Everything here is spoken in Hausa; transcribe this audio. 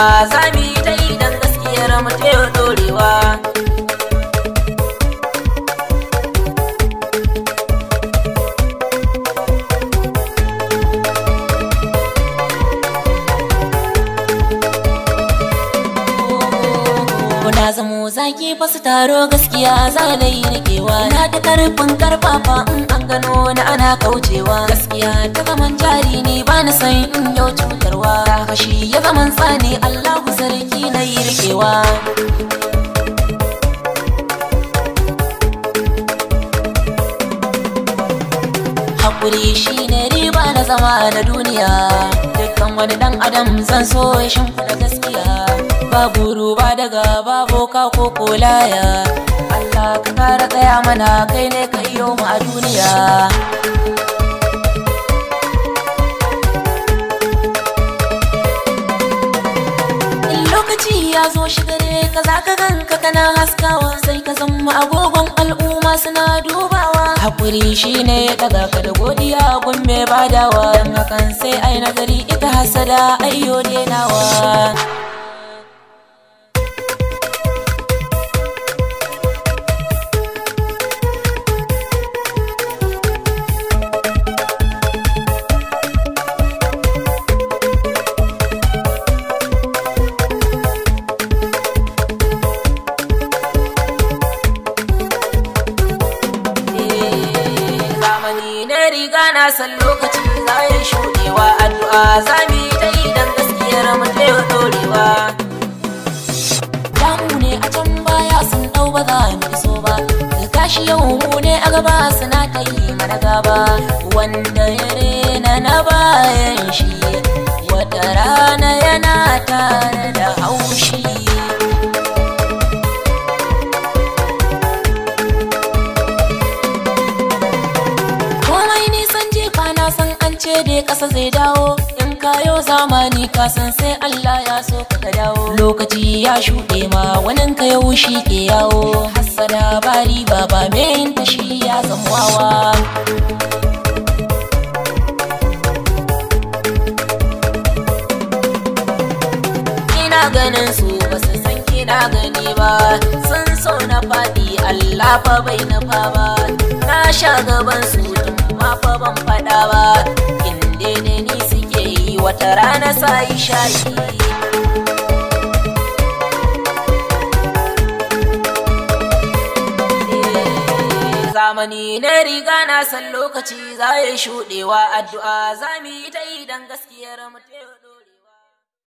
karewa sami ta idan gaskiyar mu dorewa Kuna zamo zaki ba su taro gaskiya za na yi rikewa na da karfin karfafa in an gano na ana kaucewa gaskiya ni sai in yau cutarwa Kaka fashi ya zaman tsani Allahu sarki na yi rikewa Hakuri shi ne riba na zama na duniya Dukkan wani dan adam zan so ya shimfida gaskiya Babu ruba daga babu ka ko kolaya Allah ka kara tsaya mana kai ne ka iyo mu a duniya ya zo shi gare ka za ka ganka kana haskawa sai ka zama agogon al'umma suna dubawa hakuri shine ya daga ka da godiya gun mai badawa dan hakan sai ai nagari ita hasada ayyo denawa riga na san lokacin za ya shuɗewa addu'a za mu yi ta idan gaskiyar mu ta yi Damu ne a can baya sun ɗau ba za mu iso ba, da tashi yau mu ne a gaba suna ta yi mana gaba, wanda ya rena na bayan shi, wata rana yana tare da haushi. ce dai ƙasa zai dawo in kayo zamani kasan sai Allah ya so ka dawo lokaci ya shuɗe ma wanin ka yau shi ke yawo hasada ba baba me ta shi ya zamwawa ina ganin su ba su san kina gani ba sun so na faɗi Allah fa bai na fa ba na sha gaban su ban faɗa ba inda ni suke yi wata rana sai shayi eh, zamani na riga na san lokaci za ya shuɗewa addu'a za mu yi ta yi don gaskiyar mutum